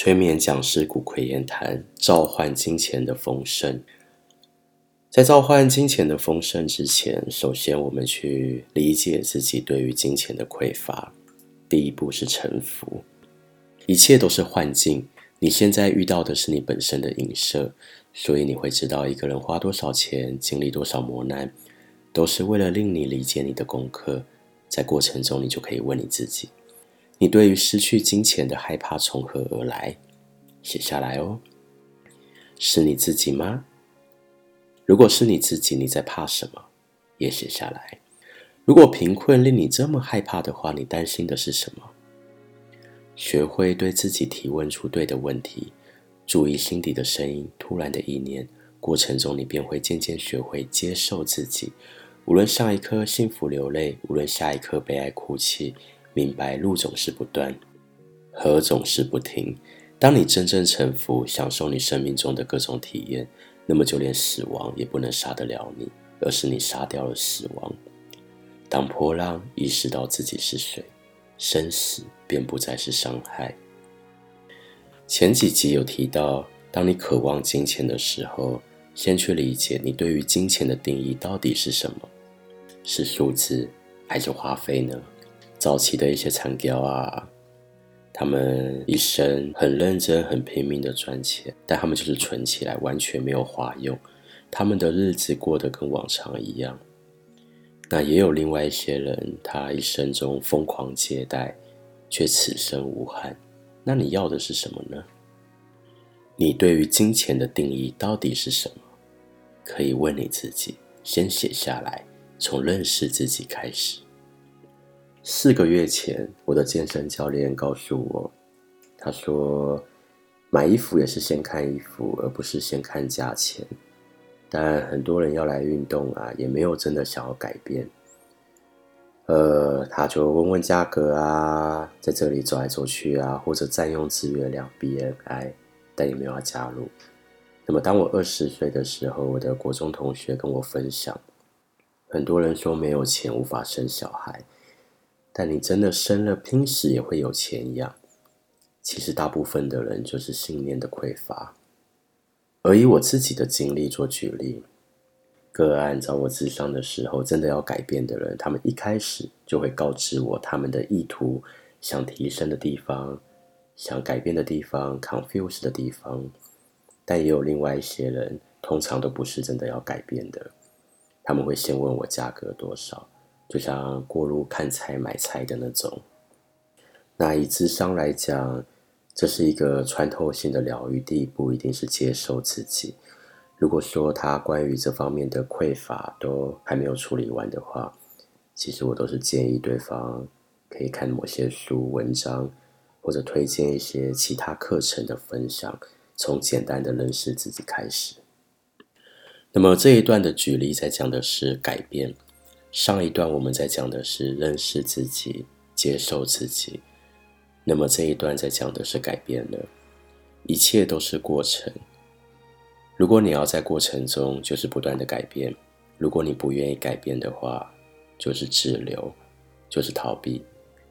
催眠講師古馗言談，召喚金錢的豐盛。在召喚金錢的豐盛之前，首先我們去理解自己對於金錢的匱乏。第一步是臣服，一切都是幻境。你現在遇到的是你本身的影射，所以你會知道一個人花多少錢，經歷多少磨難，都是為了令你理解你的功課。在過程中，你就可以問你自己。你對於失去金錢的害怕從何而來？寫下來哦。是你自己嗎？如果是你自己，你在怕什麼？也寫下來。如果貧困令你這麼害怕的話，你擔心的是什麼？學會對自己提問出對的問題，注意心底的聲音，突然的意念過程中，你便會漸漸學會接受自己。無論上一刻幸福流淚，無論下一刻悲哀哭泣。明白，路總是不斷，河總是不停。當你真正臣服，享受你生命中的各種體驗，那麼就連死亡也不能殺得了你，而是你殺掉了死亡。當波浪意識到自己是誰，生死便不再是傷害。前幾集有提到，當你渴望金錢的時候，先去理解你對於金錢的定義到底是什麼，是數字，還是花費呢？早期的一些長膠啊，他們一生很認真、很拼命地賺錢，但他們就是存起來，完全沒有花用，他們的日子過得跟往常一樣。那也有另外一些人，他一生中瘋狂借貸，卻此生無憾。那你要的是什麼呢？你對於金錢的定義到底是什麼？可以問你自己，先寫下來，從認識自己開始。四個月前，我的健身教練告訴我，他說買衣服也是先看衣服，而不是先看價錢。但很多人要來運動啊，也沒有真的想要改變。呃，他就問問價格啊，在這裡走來走去啊，或者佔用資源量 BMI，但也沒有要加入。那麼，當我二十歲的時候，我的國中同學跟我分享，很多人說沒有錢無法生小孩。但你真的生了，拼死也會有錢一樣。其實大部分的人就是信念的匱乏。而以我自己的經歷做舉例，個案找我諮詢的時候，真的要改變的人，他們一開始就會告知我他們的意圖、想提升的地方、想改變的地方、confuse 的地方。但也有另外一些人，通常都不是真的要改變的，他們會先問我價格多少。就像過路看菜買菜的那種。那以智商來講，這是一個穿透性的療癒。第一步一定是接受自己。如果說他關於這方面的匱乏都還沒有處理完的話，其實我都是建議對方可以看某些書、文章，或者推薦一些其他課程的分享，從簡單的認識自己開始。那麼這一段的舉例在講的是改變。上一段我們在講的是認識自己、接受自己，那麼這一段在講的是改變了，一切都是過程。如果你要在過程中就是不斷的改變，如果你不願意改變的話，就是滯留，就是逃避。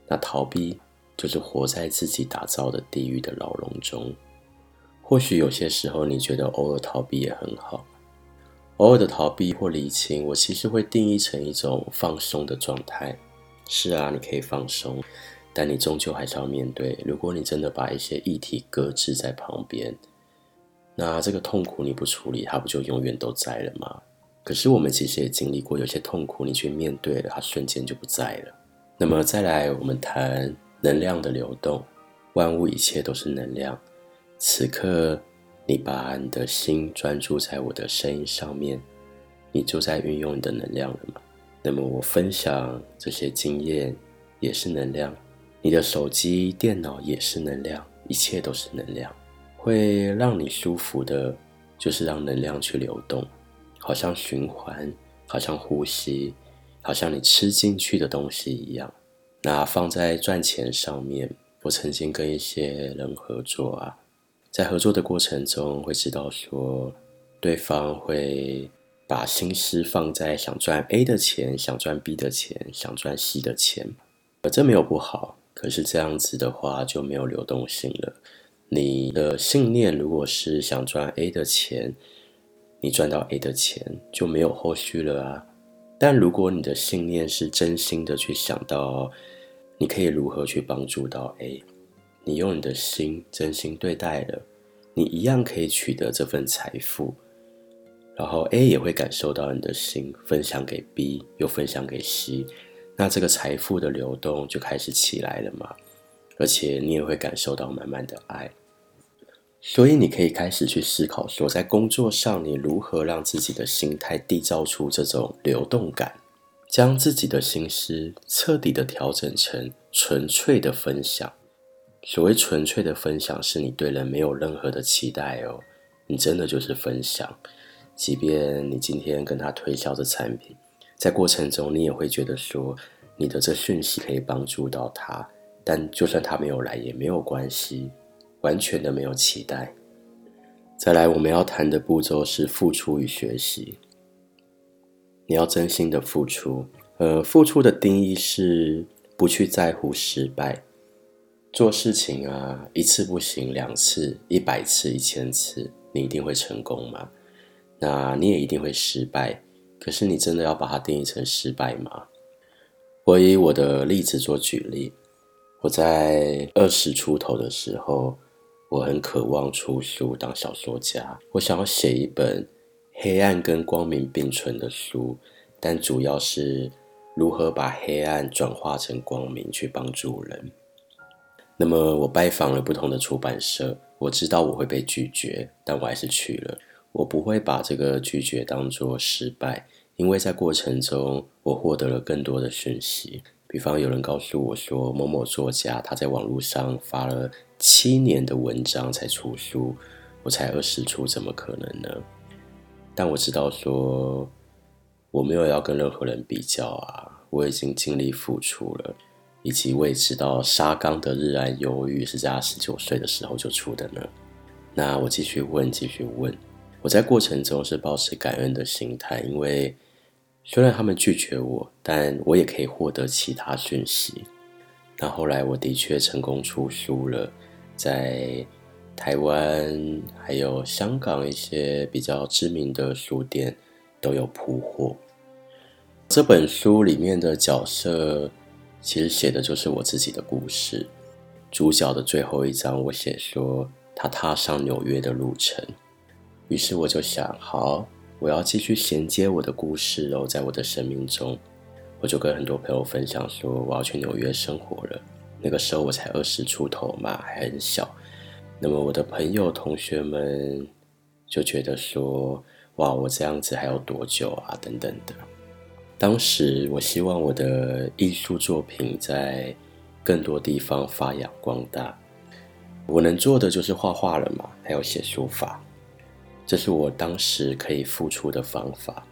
那逃避就是活在自己打造的地獄的牢籠中。或許有些時候你覺得偶爾逃避也很好。偶爾的逃避、或理清，我其實會定義成一種放鬆的狀態。是啊，你可以放鬆，但你終究還是要面對。如果你真的把一些議題擱置在旁邊，那這個痛苦你不處理，它不就永遠都在了嗎？可是我們其實也經歷過，有些痛苦你去面對了，它瞬間就不在了。那麼再來，我們談能量的流動，萬物一切都是能量，此刻。你把你的心專注在我的聲音上面，你就在運用你的能量了嗎？那麼我分享這些經驗也是能量，你的手機、電腦也是能量，一切都是能量。會讓你舒服的，就是讓能量去流動，好像循環，好像呼吸，好像你吃進去的東西一樣。那放在賺錢上面，我曾經跟一些人合作啊。在合作的過程中，會知道說，對方會把心思放在想賺 A 的錢、想賺 B 的錢、想賺 C 的錢，呃，這沒有不好。可是這樣子的話就沒有流動性了。你的信念如果是想賺 A 的錢，你賺到 A 的錢就沒有後續了啊。但如果你的信念是真心的去想到，你可以如何去幫助到 A。你用你的心真心對待了，你一樣可以取得這份財富。然後 A 也會感受到你的心，分享給 B，又分享給 C，那這個財富的流動就開始起來了嘛。而且你也會感受到滿滿的愛。所以你可以開始去思考，說在工作上你如何讓自己的心態締造出這種流動感，將自己的心思徹底的調整成純粹的分享。所謂純粹的分享，是你對人沒有任何的期待哦，你真的就是分享，即便你今天跟他推銷這產品，在過程中你也會覺得說，你的這訊息可以幫助到他，但就算他沒有來也沒有關係，完全的沒有期待。再來，我們要談的步驟是付出與學習，你要真心的付出，呃，付出的定義是不去在乎失敗。做事情啊，一次不行，兩次，一百次，一千次，你一定會成功嗎？那你也一定會失敗，可是你真的要把它定義成失敗嗎？我以我的例子做舉例。我在二十出頭的時候，我很渴望出書當小說家，我想要寫一本黑暗跟光明並存的書，但主要是如何把黑暗轉化成光明去幫助人。那麼我拜訪了不同的出版社，我知道我會被拒絕，但我還是去了。我不會把這個拒絕當作失敗，因為在過程中我獲得了更多的訊息。比方有人告訴我說，某某作家他在網絡上發了七年的文章才出書，我才二十出，怎麼可能呢？但我知道說我沒有要跟任何人比較啊，我已經盡力付出了。以及未知到沙岡的日安憂鬱是在他十九歲的時候就出的呢。那我繼續問，繼續問。我在過程中是保持感恩的心態，因為雖然他們拒絕我，但我也可以獲得其他訊息。那後來我的確成功出書了，在台灣還有香港一些比較知名的書店都有鋪貨。這本書裡面的角色。其實寫的就是我自己的故事，主角的最後一章，我寫說他踏上紐約的路程。於是我就想，好，我要繼續銜接我的故事哦，然後在我的生命中，我就跟很多朋友分享說，我要去紐約生活了。那個時候我才二十出頭嘛，還很小。那麼我的朋友、同學們就覺得說，哇，我這樣子還要多久啊？等等的。當時我希望我的藝術作品在更多地方發揚光大，我能做的就是畫畫了嘛，還有寫書法，這是我當時可以付出的方法。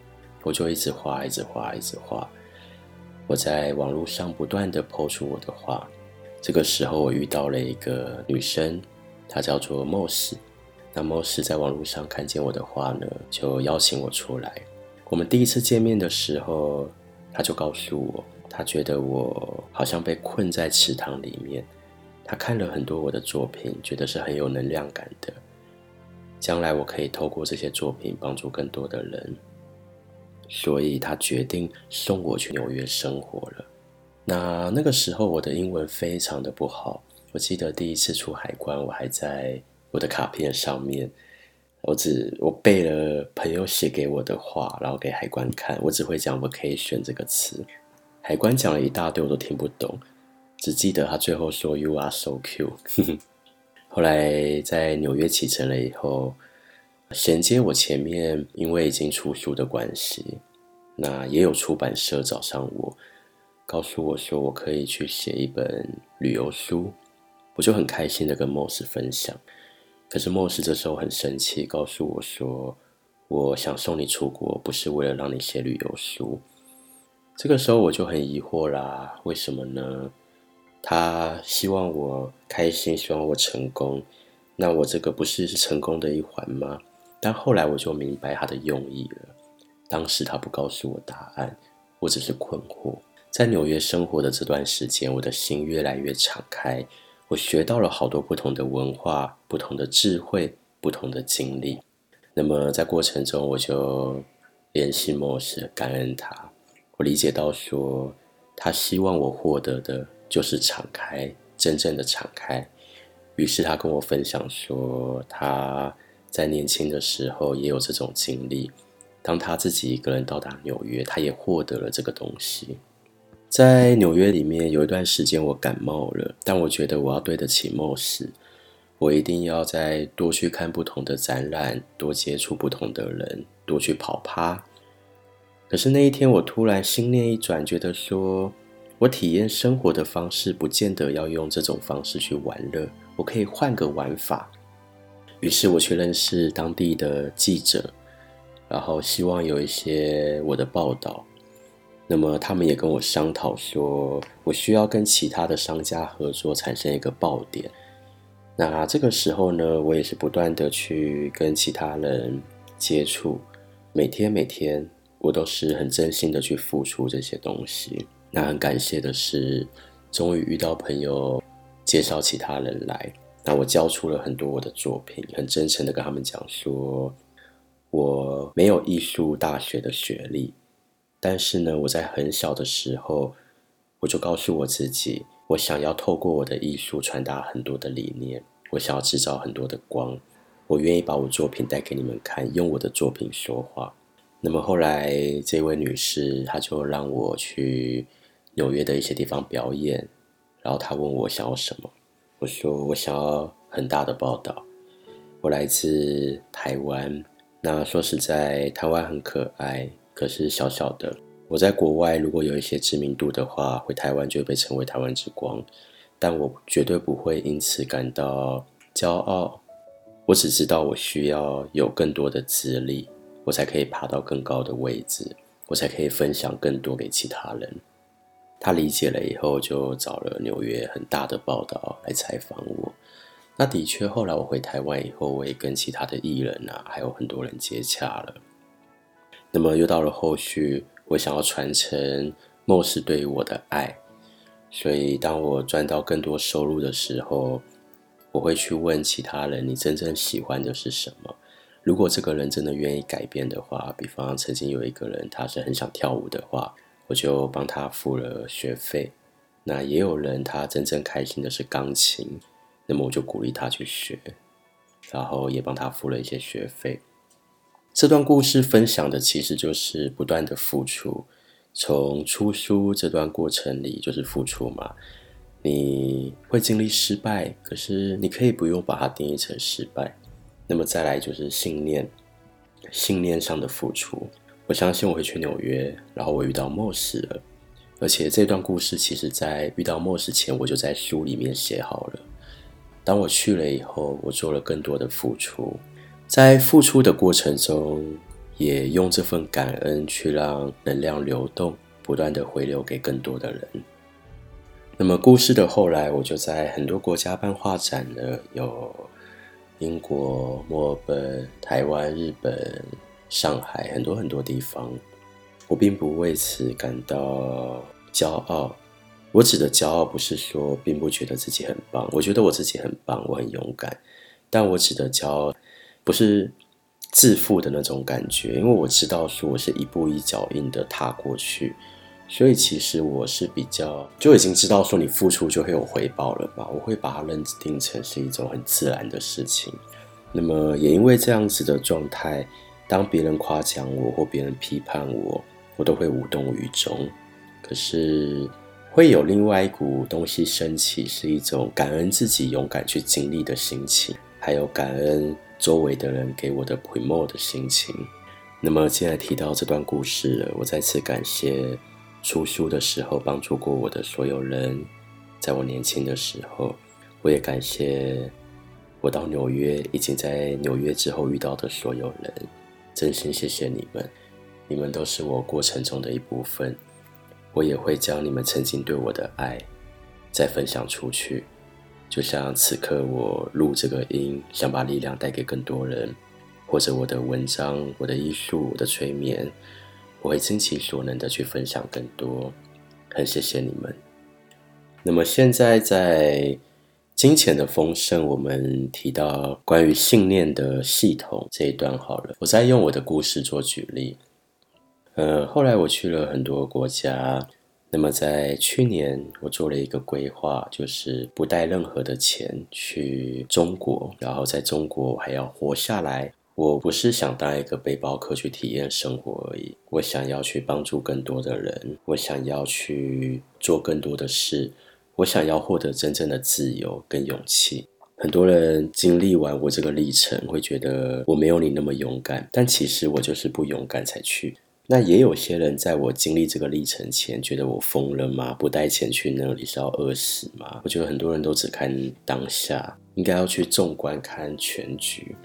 我就一直畫，一直畫，一直畫。我在網絡上不斷的拋出我的畫，這個時候我遇到了一個女生，她叫做 Moss。那 Moss 在網絡上看見我的畫呢，就邀請我出來。我們第一次見面的時候，他就告訴我，他覺得我好像被困在池塘裡面。他看了很多我的作品，覺得是很有能量感的。將來我可以透過這些作品幫助更多的人，所以他決定送我去紐約生活了。那那個時候我的英文非常的不好，我記得第一次出海關，我還在我的卡片上面。我只我背了朋友寫給我的話，然後給海關看。我只會講 vacation 這個詞。海關講了一大堆，我都聽不懂，只記得他最後說 “You are so cute”。 後來在紐約啟程了以後，銜接我前面因為已經出書的關係，那也有出版社找上我，告訴我說我可以去寫一本旅遊書，我就很開心的跟 Moss 分享。可是莫斯這時候很生氣，告訴我說：“我想送你出國，不是為了讓你寫旅遊書。”這個時候我就很疑惑啦，為什麼呢？他希望我開心，希望我成功，那我這個不是是成功的一環嗎？但後來我就明白他的用意了。當時他不告訴我答案，我只是困惑。在紐約生活的這段時間，我的心越來越敞開。我學到了好多不同的文化、不同的智慧、不同的經歷。那麼在過程中，我就聯繫某事，感恩他。我理解到說，他希望我獲得的就是敞開，真正的敞開。於是他跟我分享說，他在年輕的時候也有這種經歷。當他自己一個人到達紐約，他也獲得了這個東西。在紐約裡面有一段時間我感冒了，但我覺得我要對得起末世，我一定要再多去看不同的展覽，多接觸不同的人，多去跑趴。可是那一天我突然心念一轉，覺得說我體驗生活的方式不見得要用這種方式去玩樂，我可以換個玩法。於是我去認識當地的記者，然後希望有一些我的報道。那麼他們也跟我商討說，我需要跟其他的商家合作，產生一個爆點。那這個時候呢，我也是不斷的去跟其他人接觸，每天每天我都是很真心的去付出這些東西。那很感謝的是，終於遇到朋友介紹其他人來，那我交出了很多我的作品，很真誠的跟他們講說，我沒有藝術大學的學歷。但是呢，我在很小的時候，我就告訴我自己，我想要透過我的藝術傳達很多的理念，我想要製造很多的光，我願意把我作品帶給你們看，用我的作品說話。那麼後來，這位女士她就讓我去紐約的一些地方表演，然後她問我想要什麼，我說我想要很大的報道。我來自台灣，那說實在，台灣很可愛。可是小小的，我在國外如果有一些知名度的話，回台灣就會被稱為台灣之光。但我絕對不會因此感到驕傲。我只知道我需要有更多的資歷，我才可以爬到更高的位置，我才可以分享更多給其他人。他理解了以後，就找了紐約很大的報道來採訪我。那的確，後來我回台灣以後，我也跟其他的藝人啊，還有很多人接洽了。那麼又到了後續，我想要傳承牧師對於我的愛，所以當我賺到更多收入的時候，我會去問其他人：“你真正喜歡的是什麼？”如果這個人真的願意改變的話，比方曾經有一個人，他是很想跳舞的話，我就幫他付了學費。那也有人，他真正開心的是鋼琴，那麼我就鼓勵他去學，然後也幫他付了一些學費。這段故事分享的其實就是不斷的付出，從出書這段過程裡就是付出嘛。你會經歷失敗，可是你可以不用把它定義成失敗。那麼再來就是信念，信念上的付出。我相信我會去紐約，然後我遇到莫斯了。而且這段故事其實，在遇到莫斯前，我就在書裡面寫好了。當我去了以後，我做了更多的付出。在付出的過程中，也用這份感恩去讓能量流動，不斷地回流給更多的人。那麼故事的後來，我就在很多國家辦畫展了，有英國、墨爾本、台灣、日本、上海，很多很多地方。我並不為此感到驕傲。我指的驕傲，不是說並不覺得自己很棒。我覺得我自己很棒，我很勇敢。但我指的驕傲。不是自負的那種感覺，因為我知道說我是一步一腳印的踏過去，所以其實我是比較就已經知道說你付出就會有回報了吧，我會把它認定成是一種很自然的事情。那麼也因為這樣子的狀態，當別人誇獎我或別人批判我，我都會無動於衷。可是會有另外一股東西升起，是一種感恩自己勇敢去經歷的心情，還有感恩。周圍的人給我的 pure 的心情。那麼，既然提到這段故事，我再次感謝出書的時候幫助過我的所有人。在我年輕的時候，我也感謝我到紐約，已經在紐約之後遇到的所有人。真心謝謝你們，你們都是我過程中的一部分。我也會將你們曾經對我的愛再分享出去。就像此刻我錄這個音，想把力量帶給更多人，或者我的文章、我的藝術、我的催眠，我會盡其所能的去分享更多。很謝謝你們。那麼現在在金錢的豐盛，我們提到關於信念的系統這一段好了，我再用我的故事做舉例。呃，後來我去了很多國家。那麼，在去年，我做了一個規劃，就是不帶任何的錢去中國，然後在中國還要活下來。我不是想當一個背包客去體驗生活而已，我想要去幫助更多的人，我想要去做更多的事，我想要獲得真正的自由跟勇氣。很多人經歷完我這個歷程，會覺得我沒有你那麼勇敢，但其實我就是不勇敢才去。那也有些人在我經歷這個歷程前，覺得我瘋了嗎？不帶錢去那裡是要餓死嗎？我覺得很多人都只看當下，應該要去縱觀看全局。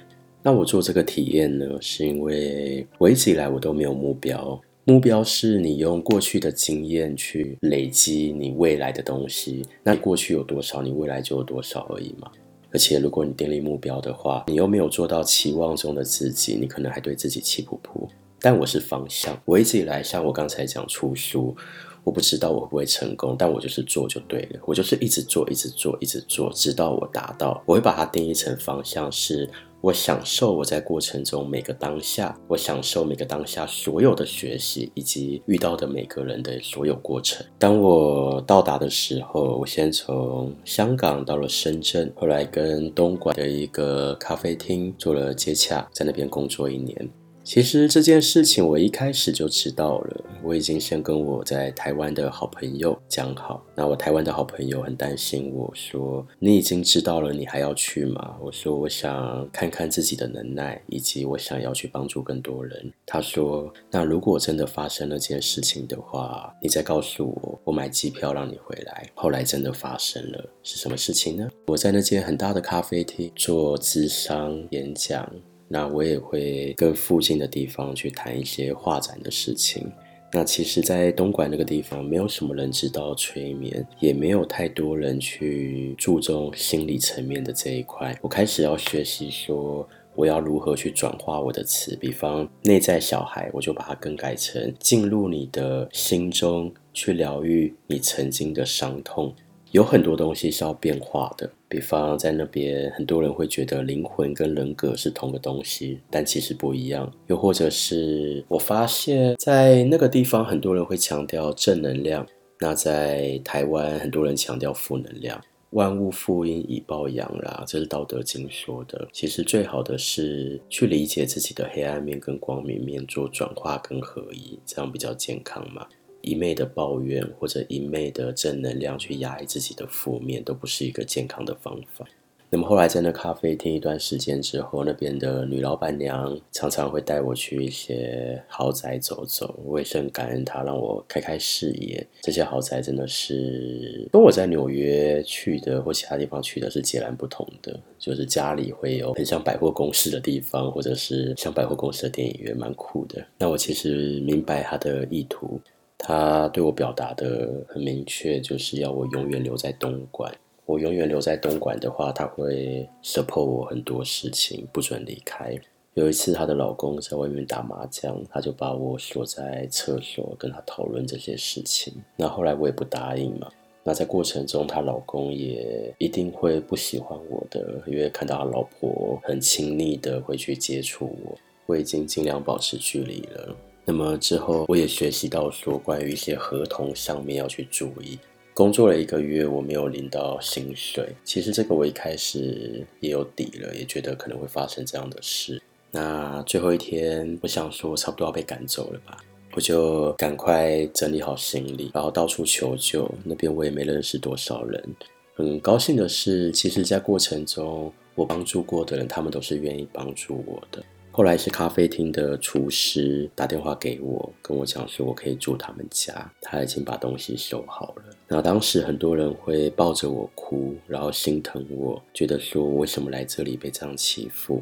那我做這個體驗呢，是因為我一直以來我都沒有目標。目標是你用過去的經驗去累積你未來的東西。那你過去有多少，你未來就有多少而已嘛。而且如果你訂立目標的話，你又沒有做到期望中的自己，你可能還對自己氣噗噗。但我是方向，我一直以來，像我剛才講出書，我不知道我會不會成功，但我就是做就對了，我就是一直做，一直做，一直做，直到我達到。我會把它定義成方向是，是我享受我在過程中每個當下，我享受每個當下所有的學習以及遇到的每個人的所有過程。當我到達的時候，我先從香港到了深圳，後來跟東莞的一個咖啡廳做了接洽，在那邊工作一年。其實這件事情我一開始就知道了，我已經先跟我在台灣的好朋友講好。那我台灣的好朋友很擔心我說：“你已經知道了，你還要去嗎？”我說：“我想看看自己的能耐，以及我想要去幫助更多人。”他說：“那如果真的發生了這件事情的話，你再告訴我，我買機票讓你回來。”後來真的發生了，是什麼事情呢？我在那間很大的咖啡廳做諮商演講。那我也會跟附近的地方去談一些畫展的事情。那其實，在東莞那個地方，沒有什麼人知道催眠，也沒有太多人去注重心理層面的這一塊。我開始要學習說，我要如何去轉化我的詞。比方，內在小孩，我就把它更改成進入你的心中，去療癒你曾經的傷痛。有很多東西是要變化的，比方在那邊，很多人會覺得靈魂跟人格是同個東西，但其實不一樣。又或者是我發現，在那個地方，很多人會強調正能量，那在台灣，很多人強調負能量。萬物負陰以抱陽啦，這是道德經說的。其實最好的是去理解自己的黑暗面跟光明面做轉化跟合一，這樣比較健康嘛。一昧的抱怨或者一昧的正能量去壓抑自己的負面都不是一個健康的方法。那麼後來在那咖啡廳一段時間之後，那邊的女老闆娘常常會帶我去一些豪宅走走，我也是很感恩她讓我開開視野。這些豪宅真的是跟我在紐約去的或其他地方去的是截然不同的，就是家裡會有很像百貨公司的地方，或者是像百貨公司的電影院，蠻酷的。那我其實明白她的意圖。他對我表達的很明確，就是要我永遠留在東莞。我永遠留在東莞的話，他會 support 我很多事情，不准離開。有一次，她的老公在外面打麻將，他就把我鎖在廁所，跟他討論這些事情。那後來我也不答應嘛。那在過程中，他老公也一定會不喜歡我的，因為看到他老婆很親密的會去接觸我，我已經盡量保持距離了。那麼之後，我也學習到說關於一些合同上面要去注意。工作了一個月，我沒有領到薪水。其實這個我一開始也有底了，也覺得可能會發生這樣的事。那最後一天，我想說我差不多要被趕走了吧，我就趕快整理好行李，然後到處求救。那邊我也沒認識多少人。很高興的是，其實，在過程中我幫助過的人，他們都是願意幫助我的。後來是咖啡廳的廚師打電話給我，跟我講說，我可以住他們家，他已經把東西收好了。那當時很多人會抱着我哭，然後心疼我，覺得說為什麼來這裡被這樣欺負？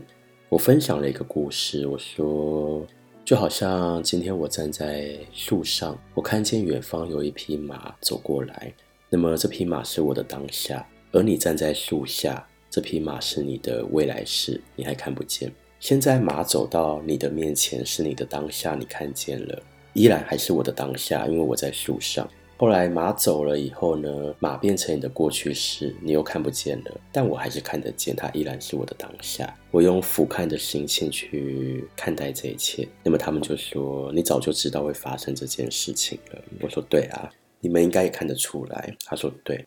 我分享了一個故事，我說就好像今天我站在樹上，我看見遠方有一匹馬走過來，那麼這匹馬是我的當下，而你站在樹下，這匹馬是你的未來式，你還看不見。現在馬走到你的面前，是你的當下，你看見了，依然還是我的當下，因為我在樹上。後來馬走了以後呢，馬變成你的過去式，你又看不見了，但我還是看得見，它依然是我的當下。我用俯瞰的心情去看待這一切。那麼他們就說，你早就知道會發生這件事情了。我說對啊，你們應該也看得出來。他說對。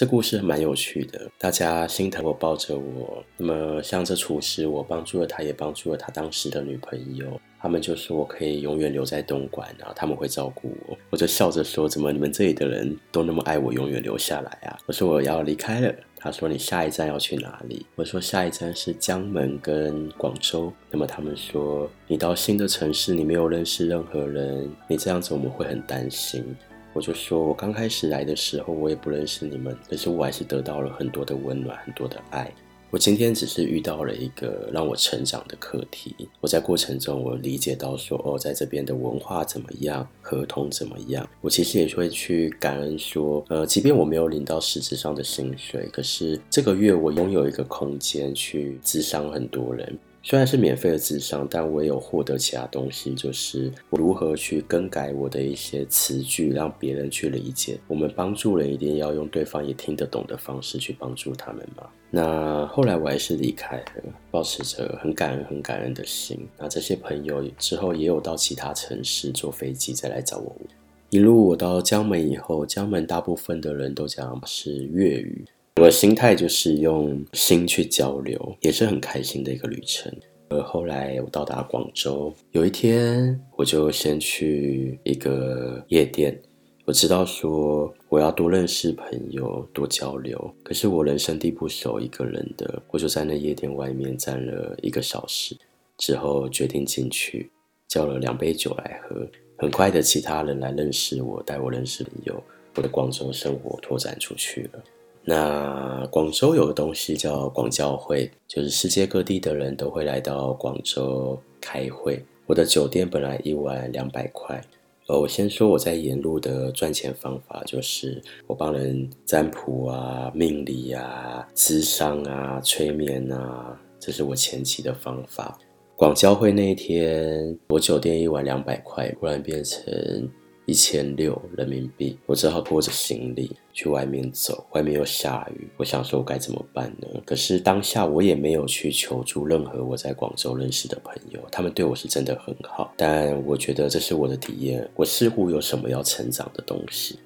這故事蠻有趣的，大家心疼我抱着我。那麼像這廚師，我幫助了他，也幫助了他當時的女朋友。他們就說我可以永遠留在東莞啊，然後他們會照顧我。我就笑着說：“怎麼你們這裡的人都那麼愛我，永遠留下來啊？”我說我要離開了。他說：“你下一站要去哪裡？”我說下一站是江門跟廣州。那麼他們說：“你到新的城市，你沒有認識任何人，你這樣子我們會很擔心。”我就說，我剛開始來的時候，我也不認識你們，可是我還是得到了很多的溫暖，很多的愛。我今天只是遇到了一個讓我成長的課題，我在過程中，我理解到說，哦，在這邊的文化怎麼樣，合同怎麼樣，我其實也會去感恩說，呃，即便我沒有領到實質上的薪水，可是這個月我擁有一個空間去諮商很多人。雖然是免費的諮商，但我也有獲得其他東西，就是我如何去更改我的一些詞句，讓別人去理解。我們幫助人一定要用對方也聽得懂的方式去幫助他們嘛。那後來我還是離開了，抱持着很感恩、很感恩的心。那這些朋友之後也有到其他城市坐飛機再來找我。一路我到江門以後，江門大部分的人都講是粵語。我的心態就是用心去交流，也是很開心的一個旅程。而後來我到達廣州，有一天我就先去一個夜店，我知道說我要多認識朋友，多交流。可是我人生地不熟，一個人的，我就在那夜店外面站了一個小時，之後決定進去，叫了兩杯酒來喝。很快的，其他人來認識我，帶我認識朋友，我的廣州生活拓展出去了。那廣州有個東西叫廣交會，就是世界各地的人都會來到廣州開會。我的酒店本來一晚兩百塊，呃、哦，我先說我在沿路的賺錢方法，就是我幫人占卜啊、命理啊、諮商啊、催眠啊，這是我前期的方法。廣交會那一天，我酒店一晚兩百塊，忽然變成。一千六人民幣，我只好拖着行李去外面走。外面又下雨，我想說我該怎麼辦呢？可是當下我也沒有去求助任何我在廣州認識的朋友，他們對我是真的很好。但我覺得這是我的體驗，我似乎有什麼要成長的東西。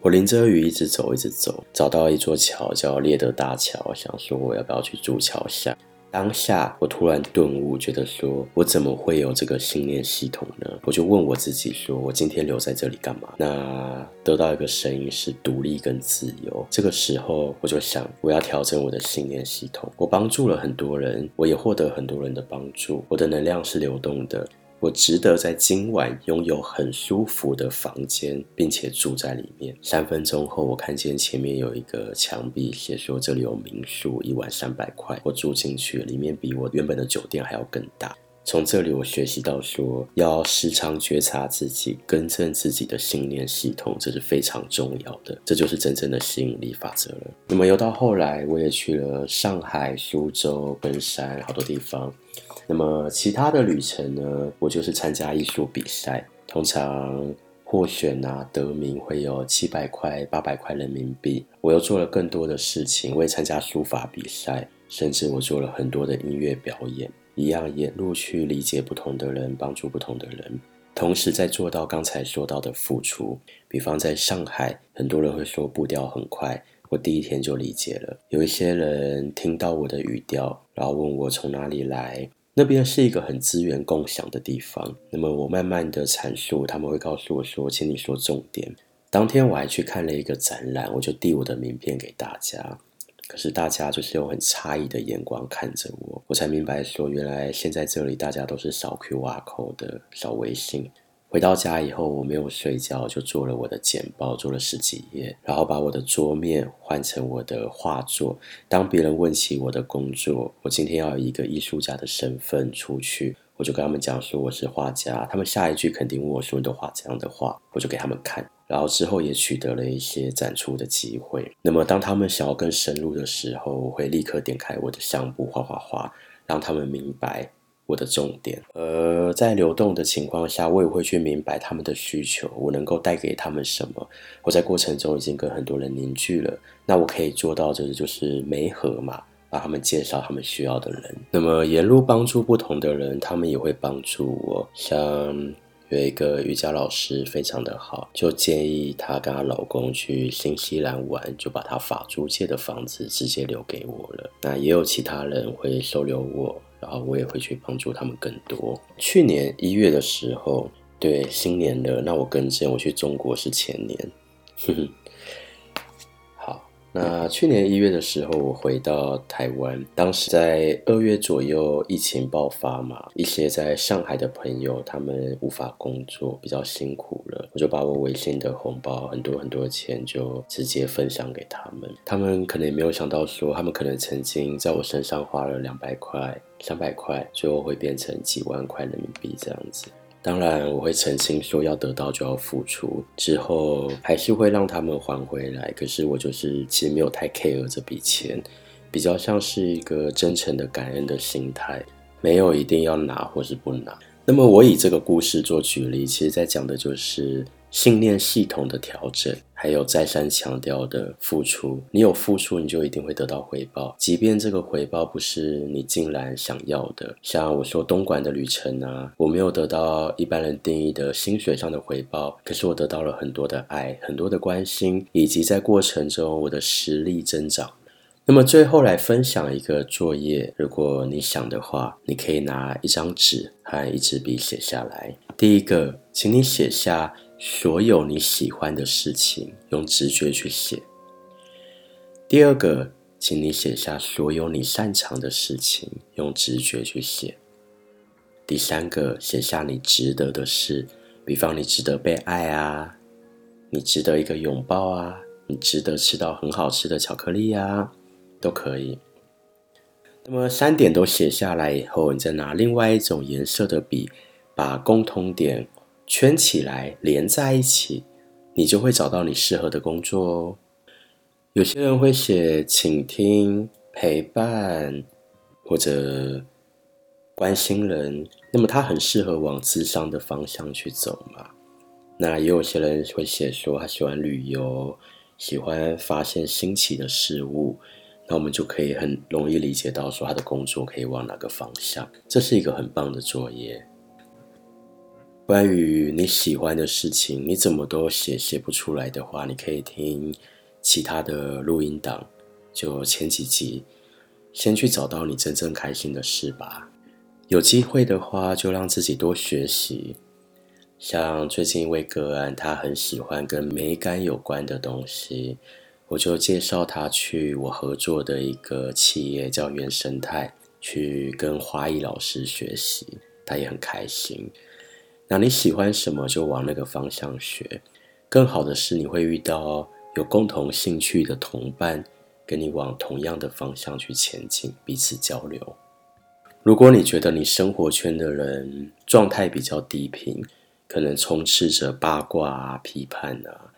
我淋着雨一直走，一直走，找到一座橋叫獵德大橋，想說我要不要去住橋下。當下我突然頓悟，覺得說我怎麼會有這個信念系統呢？我就問我自己說，我今天留在這裡幹嘛？那得到一個聲音是獨立跟自由。這個時候我就想，我要調整我的信念系統。我幫助了很多人，我也獲得很多人的幫助。我的能量是流動的。我值得在今晚擁有很舒服的房間，並且住在裡面。三分鐘後，我看見前面有一個牆壁，寫說這裡有民宿，一晚三百塊，我住進去，裡面比我原本的酒店還要更大。從這裡，我學習到說要時常覺察自己，更正自己的信念系統，這是非常重要的。這就是真正的吸引力法則了。嗯、那麼，由到後來，我也去了上海、蘇州、昆山好多地方。那麼其他的旅程呢？我就是參加藝術比賽，通常獲選啊得名會有七百塊、八百塊人民幣。我又做了更多的事情，我也參加書法比賽，甚至我做了很多的音樂表演，一樣也陸續理解不同的人，幫助不同的人，同時在做到剛才說到的付出。比方在上海，很多人會說步調很快，我第一天就理解了。有一些人聽到我的語調，然後問我從哪裡來。那邊是一個很資源共享的地方，那麼我慢慢的闡述，他們會告訴我說，請你說重點。當天我還去看了一個展覽，我就遞我的名片給大家，可是大家就是用很詫異的眼光看着我，我才明白說，原來現在這裡大家都是掃 QR code 的，掃微信。回到家以後，我沒有睡覺，就做了我的簡報，做了十幾頁，然後把我的桌面換成我的畫作。當別人問起我的工作，我今天要以一個藝術家的身份出去，我就跟他們講說我是畫家。他們下一句肯定問我說，你都畫怎樣的畫？我就給他們看，然後之後也取得了一些展出的機會。那麼當他們想要更深入的時候，我會立刻點開我的相簿，畫畫畫，讓他們明白。我的重點，呃，在流動的情況下，我也會去明白他們的需求，我能夠帶給他們什麼。我在過程中已經跟很多人凝聚了，那我可以做到的就是媒合嘛，把他們介紹他們需要的人。那麼沿路幫助不同的人，他們也會幫助我。像有一個瑜伽老師非常的好，就建議她跟她老公去新西蘭玩，就把她法租界的房子直接留給我了。那也有其他人會收留我。然後我也會去幫助他們更多。去年一月的時候，對，新年的，那我跟進，我去中國是前年。呵呵那去年一月的時候，我回到台灣，當時在二月左右疫情爆發嘛，一些在上海的朋友他們無法工作，比較辛苦了，我就把我微信的紅包很多很多錢就直接分享給他們，他們可能也沒有想到說，他們可能曾經在我身上花了兩百塊、三百塊，最後會變成幾萬塊人民幣這樣子。當然，我會澄清說要得到就要付出，之後還是會讓他們還回來。可是我就是其實沒有太 care 這筆錢，比較像是一個真誠的感恩的心態，沒有一定要拿或是不拿。那麼我以這個故事做舉例，其實在講的就是。信念系統的調整，還有再三強調的付出，你有付出，你就一定會得到回報，即便這個回報不是你竟然想要的。像我說東莞的旅程啊，我沒有得到一般人定義的薪水上的回報，可是我得到了很多的愛，很多的關心，以及在過程中我的實力增長。那麼最後來分享一個作業，如果你想的話，你可以拿一張紙和一支筆寫下來。第一個，請你寫下。所有你喜歡的事情，用直覺去寫。第二個，請你寫下所有你擅長的事情，用直覺去寫。第三個，寫下你值得的事，比方你值得被愛啊，你值得一個擁抱啊，你值得吃到很好吃的巧克力呀、啊，都可以。那麼三點都寫下來以後，你再拿另外一種顏色的筆，把共同點。圈起來，連在一起，你就會找到你適合的工作哦。有些人會寫傾聽、陪伴或者關心人，那麼他很適合往諮商的方向去走嘛。那也有些人會寫說他喜歡旅遊，喜歡發現新奇的事物，那我們就可以很容易理解到說他的工作可以往哪個方向。這是一個很棒的作業。關於你喜歡的事情，你怎麼都寫寫不出來的話，你可以聽其他的錄音檔。就前幾集，先去找到你真正開心的事吧。有機會的話，就讓自己多學習。像最近一位個案，他很喜歡跟美感有關的東西，我就介紹他去我合作的一個企業叫原生態，去跟花藝老師學習，他也很開心。那你喜歡什麼就往那個方向學。更好的是，你會遇到有共同興趣的同伴，跟你往同樣的方向去前進，彼此交流。如果你覺得你生活圈的人狀態比較低頻，可能充斥着八卦啊、批判啊，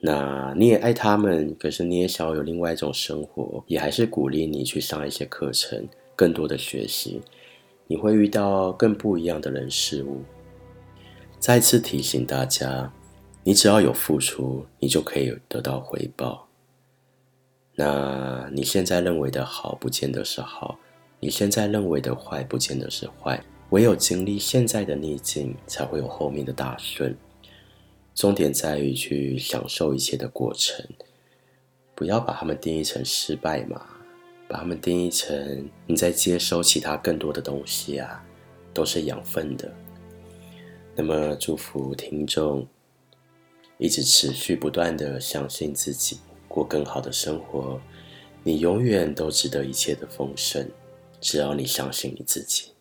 那你也愛他們，可是你也想有另外一種生活，也還是鼓勵你去上一些課程，更多的學習。你會遇到更不一樣的人事物。再次提醒大家，你只要有付出，你就可以得到回報。那你現在認為的好，不見得是好；你現在認為的壞，不見得是壞。唯有經歷現在的逆境，才會有後面的大順。重點在於去享受一切的過程，不要把它們定義成失敗嘛，把它們定義成你在接收其他更多的東西啊，都是養分的。那麼，祝福聽眾一直持續不斷的相信自己，過更好的生活。你永遠都值得一切的豐盛，只要你相信你自己。